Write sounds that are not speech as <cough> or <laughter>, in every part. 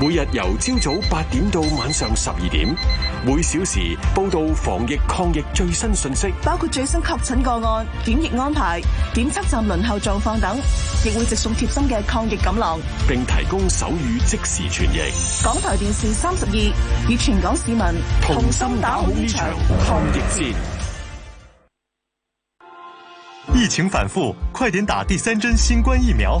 每日由朝早八點到晚上十二點，每小時報道防疫抗疫最新信息，包括最新確診個案、檢疫安排、檢測站輪候狀況等，亦會直送貼心嘅抗疫錦囊，並提供手語即時傳譯。港台電視三十二與全港市民同心打好呢場抗疫戰。疫情反覆，快點打第三針新冠疫苗。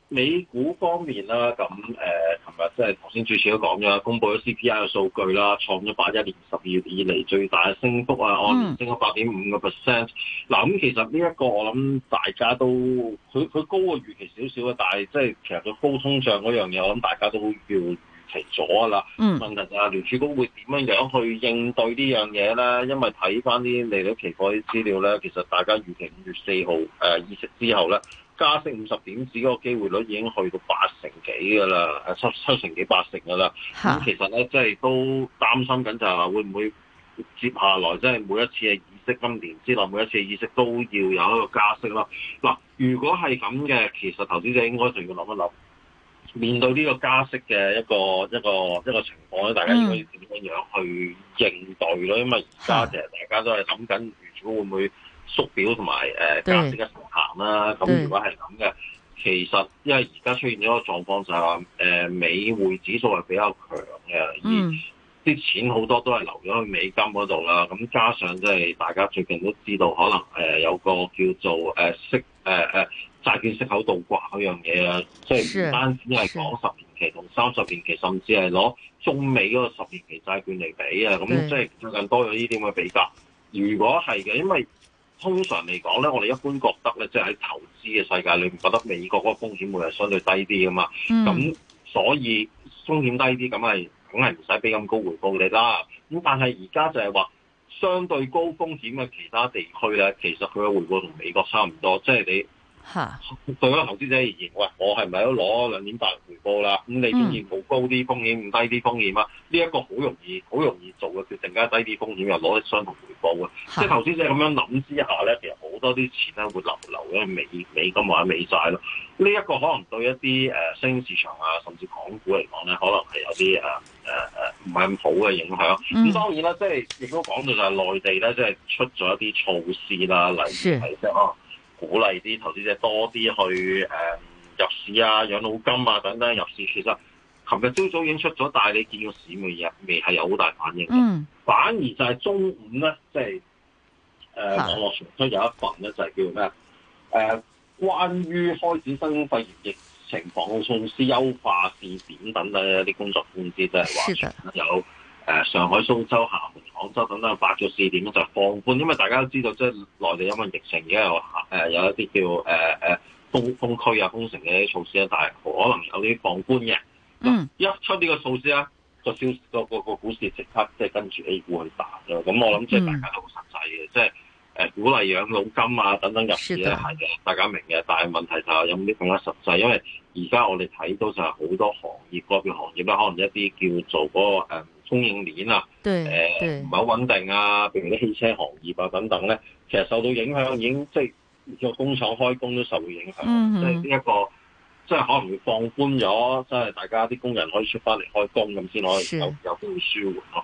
美股方面啦，咁誒，琴日即係頭先主持都講咗，啦，公布咗 CPI 嘅數據啦，創咗八一年十二月以嚟最大嘅升幅啊，按年升咗八點五個 percent。嗱，咁其實呢一個我諗大家都，佢佢高過預期少少啊，但係即係其實佢高通脹嗰樣嘢，我諗大家都好預期咗啊啦。問題就係聯儲局會點樣樣去應對呢樣嘢咧？因為睇翻啲利率期貨啲資料咧，其實大家預期五月四號誒意識之後咧，加息五十點子嗰個機會率已經去到八成幾㗎啦，誒七七成幾八成㗎啦。咁、啊、其實咧，即係都擔心緊就話會唔會接下來即係每一次嘅意識今年之內每一次嘅意識都要有一個加息咯。嗱、啊，如果係咁嘅，其實投資者應該就要諗一諗，面對呢個加息嘅一個一個一個情況咧，大家要該點樣去應對咧、嗯？因為而家其實大家都係諗緊，如果會唔會縮表同埋誒加息嘅？啦，咁如果係咁嘅，其實因為而家出現咗個狀況就係話，誒美匯指數係比較強嘅、嗯，而啲錢好多都係流咗去美金嗰度啦。咁加上即係大家最近都知道，可能誒有個叫做誒息誒誒債券息口倒掛嗰樣嘢啊，即係唔單止係講十年期同三十年期，是甚至係攞中美嗰個十年期債券嚟比啊，咁即係最近多咗呢啲咁嘅比較。如果係嘅，因為。通常嚟講咧，我哋一般覺得咧，即係喺投資嘅世界裏面，覺得美國嗰個風險會係相對低啲噶嘛。咁，嗯，所以風險低啲，咁係梗係唔使俾咁高回報你啦。咁但係而家就係話，相對高風險嘅其他地區咧，其實佢嘅回報同美國差唔多，即係你。吓！ <noise> 對投資者而言，喂，我係咪都攞兩點八回報啦？咁你鍾意冇高啲風險，唔、嗯、低啲風險啊？呢、這、一個好容易，好容易做嘅決定，加低啲風險又攞啲相同回報、嗯、即係投資者咁樣諗之下咧，其實好多啲錢咧會流流嘅美美金或者美債咯。呢、這、一個可能對一啲誒升市場啊，甚至港股嚟講咧，可能係有啲誒唔係咁好嘅影響。咁、嗯、當然啦，即係亦都講到就係內地咧，即係出咗一啲措施啦，例提升啊。鼓勵啲投資者多啲去誒、嗯、入市啊、養老金啊等等入市，其實，琴日朝早已經出咗，但係你見個市面入面係有好大反應。嗯。反而就係中午咧，即係誒網絡傳出有一份咧，就係、是、叫咩？誒、呃，關於開展新冠肺炎疫情防控措施優化試點等等一啲工作通知，即係話有。誒上海、蘇州、廈門、廣州等等八個試點咧，就放寬，因為大家都知道，即、就、係、是、內地因為疫情而家有誒有一啲叫誒誒封封區啊、封城嘅啲措施咧，但係可能有啲放寬嘅、嗯。一出呢個措施咧，消那個消、那個、股市即刻即係跟住 A 股去打咯。咁我諗即係大家都好實際嘅、嗯，即係誒鼓勵養老金啊等等入市咧係嘅，大家明嘅。但係問題就係有冇啲更加實際？因為而家我哋睇到就係好多行業個別行業啦，可能一啲叫做嗰、那個、嗯供應鏈啊，誒唔係好穩定啊，譬如啲汽車行業啊等等咧，其實受到影響，已經即係個工廠開工都受到影響，mm-hmm. 即係呢一個即係可能會放寬咗，即係大家啲工人可以出翻嚟開工，咁先可以有有機會舒緩咯。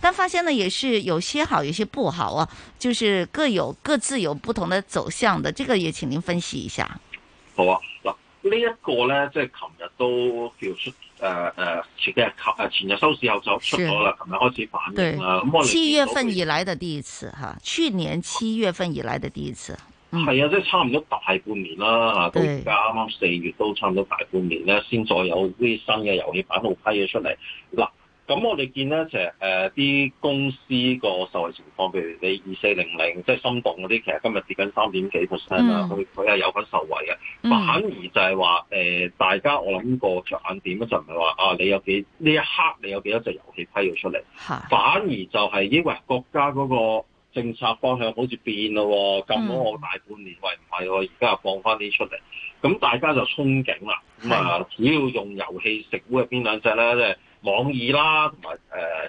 但發現呢，也是有些好，有些不好啊，就是各有各自有不同的走向的，這個也請您分析一下。好啊，嗱、這個，呢一個咧，即係琴日都叫出誒誒、呃、前幾日誒前日收市後就出咗啦，琴日開始反應啦。咁、嗯、七月份以來嘅第一次哈，去年七月份以來嘅第一次，係、嗯、啊，即、就、係、是、差唔多大半年啦吓，到而家啱啱四月都差唔多大半年咧，先再有啲新嘅遊戲版號批咗出嚟嗱。咁我哋見咧，其實啲公司個受惠情況，譬如你二四零零，即係心動嗰啲，其實今日跌緊三點幾 percent 啊，佢佢係有份受惠嘅、嗯。反而就係話、呃、大家我諗個着眼點咧，就唔係話啊，你有幾呢一刻你有幾多隻遊戲批咗出嚟，反而就係因為國家嗰個政策方向好似變咯、哦，咁好我、嗯、大半年，喂唔係喎，而家又放翻啲出嚟，咁大家就憧憬啦。咁啊，主要用遊戲食股入邊兩隻咧？即網易啦，同埋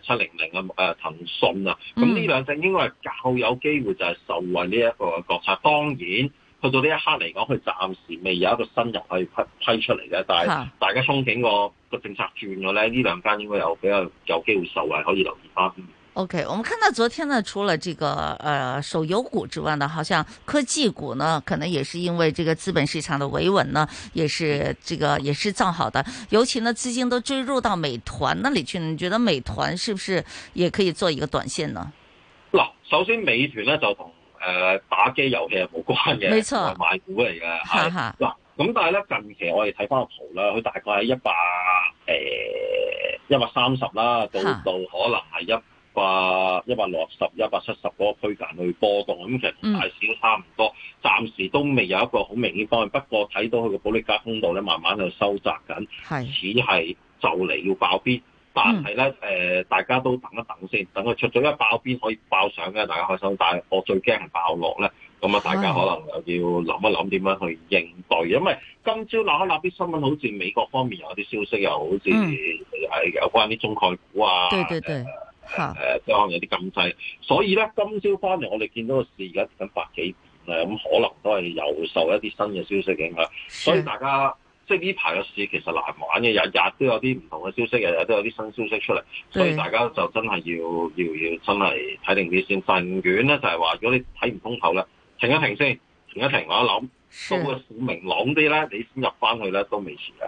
誒七零零啊，誒騰訊啊，咁呢兩隻應該係較有機會就係受惠呢一個嘅國策。當然，去到呢一刻嚟講，佢暫時未有一個新入去批批出嚟嘅，但係大家憧憬個個政策轉咗咧，呢兩間應該又比較有機會受惠，可以留意翻。OK，我們看到昨天呢，除了這個，呃，手遊股之外呢，好像科技股呢，可能也是因為這個資本市場的維穩呢，也是這個也是造好的。尤其呢，資金都追入到美團那裏去，你覺得美團是不是也可以做一個短線呢？嗱，首先美團呢，就同誒打機遊戲係冇關嘅，冇錯，係買股嚟嘅，吓嗱。咁但係咧，近期我哋睇翻個圖啦，佢大概喺一百誒一百三十啦，到到可能係一。八一百六十、一百七十嗰個區間去波動，咁其實大市差唔多、嗯，暫時都未有一個好明顯方案。不過睇到佢個保利加通道咧，慢慢去收窄緊，似係就嚟要爆邊，但係咧誒，大家都等一等先，等佢出咗一爆邊可以爆上嘅，大家開心。但係我最驚係爆落咧，咁啊，大家可能又要諗一諗點樣去應對，因為今朝鬧一鬧啲新聞，好似美國方面有啲消息，又好似係有關啲中概股啊，嗯呃，對對對。誒即係可能有啲禁制，所以咧今朝翻嚟，我哋見到個市而家跌緊百幾，誒，咁可能都係又受一啲新嘅消息影響，所以大家即係呢排嘅市其實難玩嘅，日日都有啲唔同嘅消息，日日都有啲新消息出嚟，所以大家就真係要要要真係睇定啲先，甚至咧就係、是、話，如果你睇唔通透咧，停一停先，停一停我一諗，都個市明朗啲咧，你先入翻去咧都未遲啊。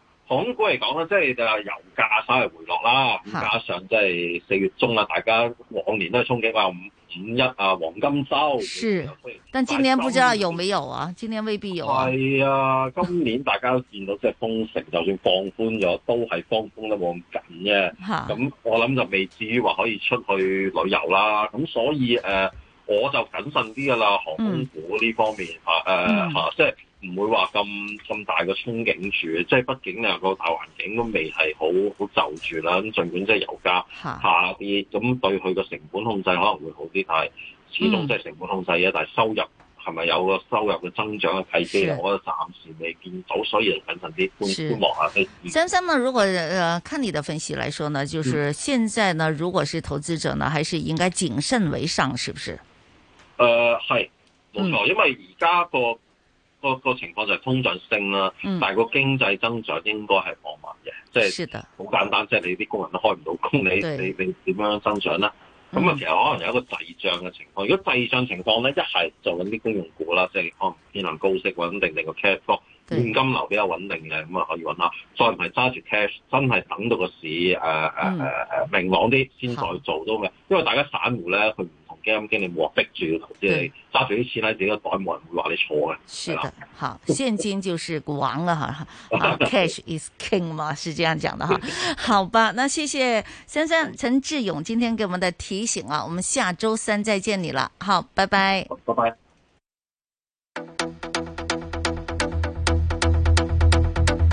港股嚟講咧，即係就係、是、油價稍為回落啦。咁加上即係四月中啦，大家往年都係憧憬話五五一啊，黃金周。是，但今年不知道有沒有啊？今年未必有、啊。係啊，今年大家都見到即係封城， <laughs> 就算放寬咗，都係放寬得冇咁緊嘅。咁 <laughs> 我諗就未至於話可以出去旅遊啦。咁所以誒、呃，我就謹慎啲㗎啦。航空股呢方面嚇即係。嗯啊呃嗯唔會話咁咁大嘅憧憬住，即係畢竟有個大環境都未係好好就住啦。咁盡管即係油價下跌，咁對佢個成本控制可能會好啲，但係始終即係成本控制嘅，嗯，但係收入係咪有個收入嘅增長嘅契機？我覺得暫時未見到，所以謹慎啲觀望下。岑生呢？如果誒看你的分析來說呢，就是現在呢，如果是投資者呢，還是應該謹慎為上，是不是？誒係冇錯，因為而家個。個個情況就係通脹升啦，但係個經濟增長應該係放慢嘅，即係好簡單，即係、就是、你啲工人都開唔到工，你你你點樣增長咧？咁啊，其實可能有一個滯脹嘅情況。如果滯脹情況咧，一係就揾啲公用股啦，即、就、係、是、可能偏向高息穩定定個 cap 現金流比較穩定嘅，咁啊可以揾下，再唔係揸住 cash，真係等到個市誒誒誒誒明朗啲先再做都咩，嗯？因為大家散戶咧，佢唔同基金經理，你冇逼住要投資你，揸住啲錢喺自己個袋，冇人會話你錯嘅。是的，好現金就是王啦，嚇、 <laughs> 啊！啊，cash is king 嘛，是這樣講的哈 <laughs> 好吧，那謝謝岑生岑智勇今天給我們的提醒啊，我們下周三再見你啦，好，拜拜，拜拜。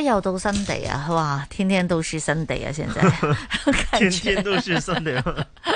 又到新地啊！哇，天天都是新地啊！現在， <laughs> 天天都是新地啊。 <laughs> <laughs>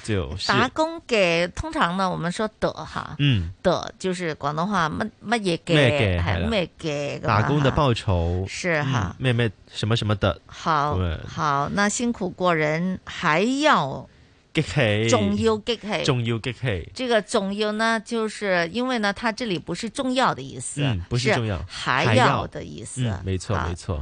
就打工嘅通常呢，我們說得哈，嗯，得就是廣東話乜乜嘢嘅，係咩嘅，給，打工的報酬哈、嗯、是哈，咩咩什麼什麼的，好、嗯、好，好，那辛苦過人還要激氣，仲要激氣，仲要激氣，這個仲要呢，就是因為呢，它這裏不是重要的意思，嗯、不是重要，是要，還要的意思，沒、嗯、錯，沒錯。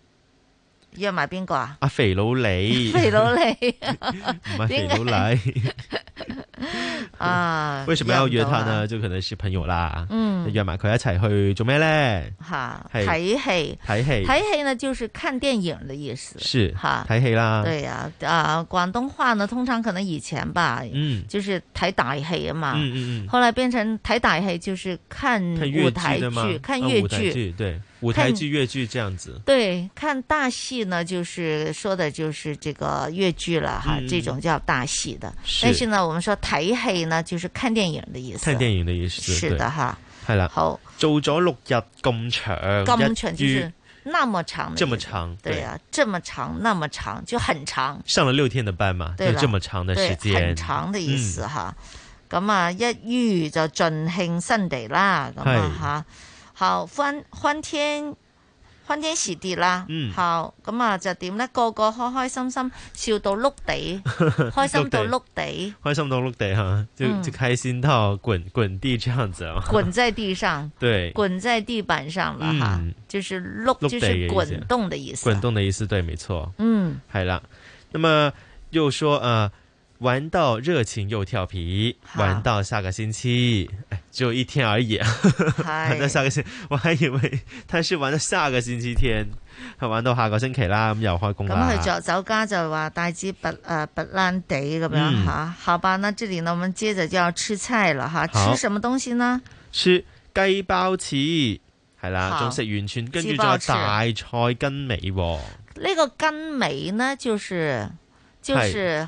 約埋邊個啊？阿肥佬李，肥佬李，唔 <laughs> 係 <laughs> 肥佬李啊！ <laughs> 為什麼要約他呢？就可能是朋友啦、啊。嗯，約埋佢一齊去做咩咧？吓，睇戲，睇戲，睇戲呢？就是看電影的意思。是吓，睇戲啦。對呀、啊，啊，廣東話呢，通常可能以前吧，嗯，就是睇大戲啊嘛，嗯嗯嗯，後來變成睇大戲，就是看舞台劇，看粵劇、啊，對。舞台劇、粵劇這樣子，對，看大戲呢，就是說的就是這個粵劇了哈、嗯，這種叫大戲的。是但是呢，我們說睇戲呢，就是看電影的意思。看電影的意思，是的哈。係啦。好。做咗六日咁長，咁長就是那麼長的。這麼長。對呀、啊，這麼長，那麼長，就很長。上了六天的班嘛，對吧？對，很長的意思哈。咁、嗯、啊，嗯、一于就盡興 Sunday 啦，咁啊吓。好，歡歡天歡天喜地啦、嗯，好咁啊就點咧？個個開開心心，笑到碌地，開心到碌地，開 <laughs> 心到碌地哈，就、嗯、就開心到滾滾地這樣子啊，滾在地上，對，滾在地板上了哈、嗯，就是碌，就是滾動的意思，滾動的意思，對，沒錯，嗯，係啦，那麼又說啊。呃玩到熱情又調皮，玩到下個星期，哎、只有一天而已。 <laughs> 玩到下個星期，我還以為他是玩到下個星期天，他玩到下個星期啦，咁又開工啦，咁去作酒家就話帶支拔啊拔蘭地咁樣吓。下、嗯、班那這裏呢，我們接着就要吃菜了哈，吃什麼東西呢？吃雞包翅，係啦，仲食完全跟住仲有大菜根尾、哦。呢、這個根尾呢，就是就是。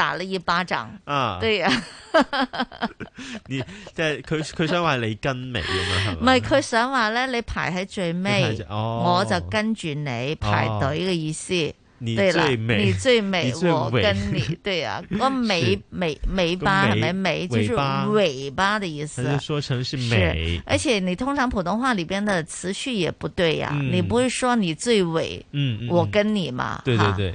打了一巴掌，啊，對呀、啊、 <laughs> 你即係佢佢想話你跟尾咁樣係嘛？唔係佢想話咧，你排喺最尾、哦，我就跟住你、哦、排隊嘅意思。對啦，你最美，對最美最我跟你， <laughs> 對啊，個尾尾尾巴，咪？尾就是尾巴的意思。說成是美是，而且你通常普通話裏邊的詞序也不對呀、啊嗯，你不會說你最尾嗯，嗯，我跟你嘛，對對對。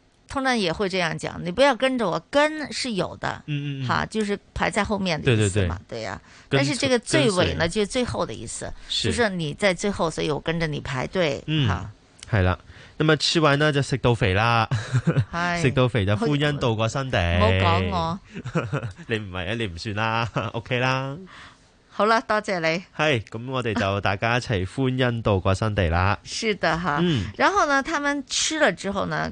通常也會這樣講，你不要跟着我。跟是有的，嗯嗯，哈、啊，就是排在後面的意思嘛，對呀、啊。但是這個最尾呢，啊、就是，最後的意思，就是你在最後，所以我跟着你排隊，哈、嗯，係、啊、啦。那麼吃完呢就食到肥啦，食到肥就歡欣度過新地。唔好講我，我我呵呵你唔係啊，你唔算啦、啊，OK 啦。好啦，多謝、謝你。係咁，我哋就大家一齊歡欣度過新地啦。是的哈、啊，嗯，然後呢，他們吃了之後呢？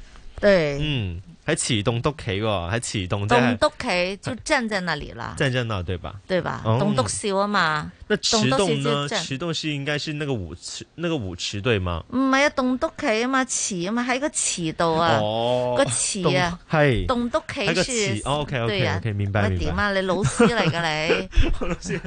對，嗯，喺祠洞篤企喎，哦，喺祠洞，洞篤企就站在那裏啦，啊，站在那對吧？對吧？棟篤笑吖嘛。那池洞呢？池洞是應該係那個舞池，那個舞池對嗎？唔係啊，洞篤企啊嘛，池啊嘛，喺個池度啊，個池啊，係洞篤企，一個池。OK OK OK，明白點啊？你老師嚟噶你？老師，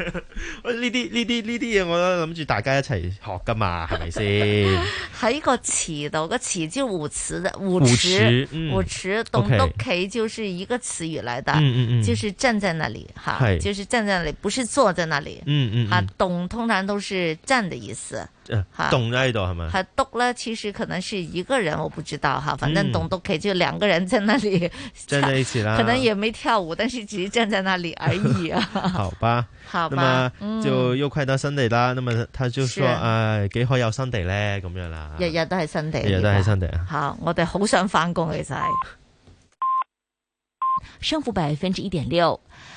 喂，呢啲呢啲呢啲嘢，我都諗住大家一齊學噶嘛，係咪先？喺個池度，個池就舞池，舞舞池，舞池，洞篤企就是一個詞語嚟嘅，嗯嗯，就是站在那裏，哈，就是站在那裏，不是坐在那裏，嗯嗯。啊，懂通常都是站的意思。啊啊、懂在喺度係咪？讀、啊、咧其實可能是一個人，我不知道哈、啊。反正懂都 K 就兩個人在那裏站在一起啦。可能也沒跳舞，但是只是站在那裏而已啊。 <laughs> 好吧。好吧。那麼就又快到 Sunday 啦、嗯。那麼他就說：“哎，幾好有 Sunday 呢。咁樣啦。”日日都係 Sunday，日日都係 Sunday，地啊。好，我哋好想翻工，其、就、實、是。係升幅百分之一點六。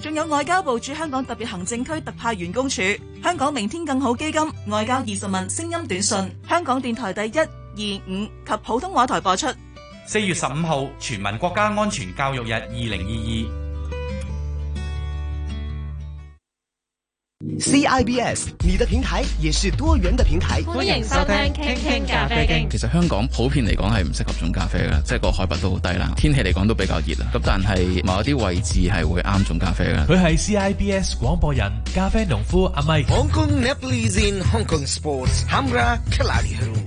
仲有外交部駐香港特別行政區特派員公署、香港明天更好基金、外交二十問聲音短信、香港電台第一、二五及普通話台播出。四月十五號全民國家安全教育日，二零二二。CIBS，你的平台也是多元的平台。歡迎收聽《傾傾咖啡經》啡。其實香港普遍嚟講係唔適合種咖啡嘅，即係個海拔都好低啦，天氣嚟講都比較熱啦。咁但係某一啲位置係會啱種咖啡嘅。佢係 CIBS 廣播人，咖啡農夫阿 Mike。Hong Kong Nepalese in Hong Kong Sports。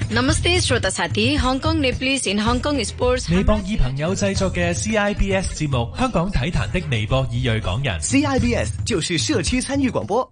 Namaste Shradhasti Hong Kong Nepalese in Hong Kong Sports。微博以朋友製作嘅 CIBS 節目，香港體壇的尼泊以銳港人。CIBS 就是社區參與廣播。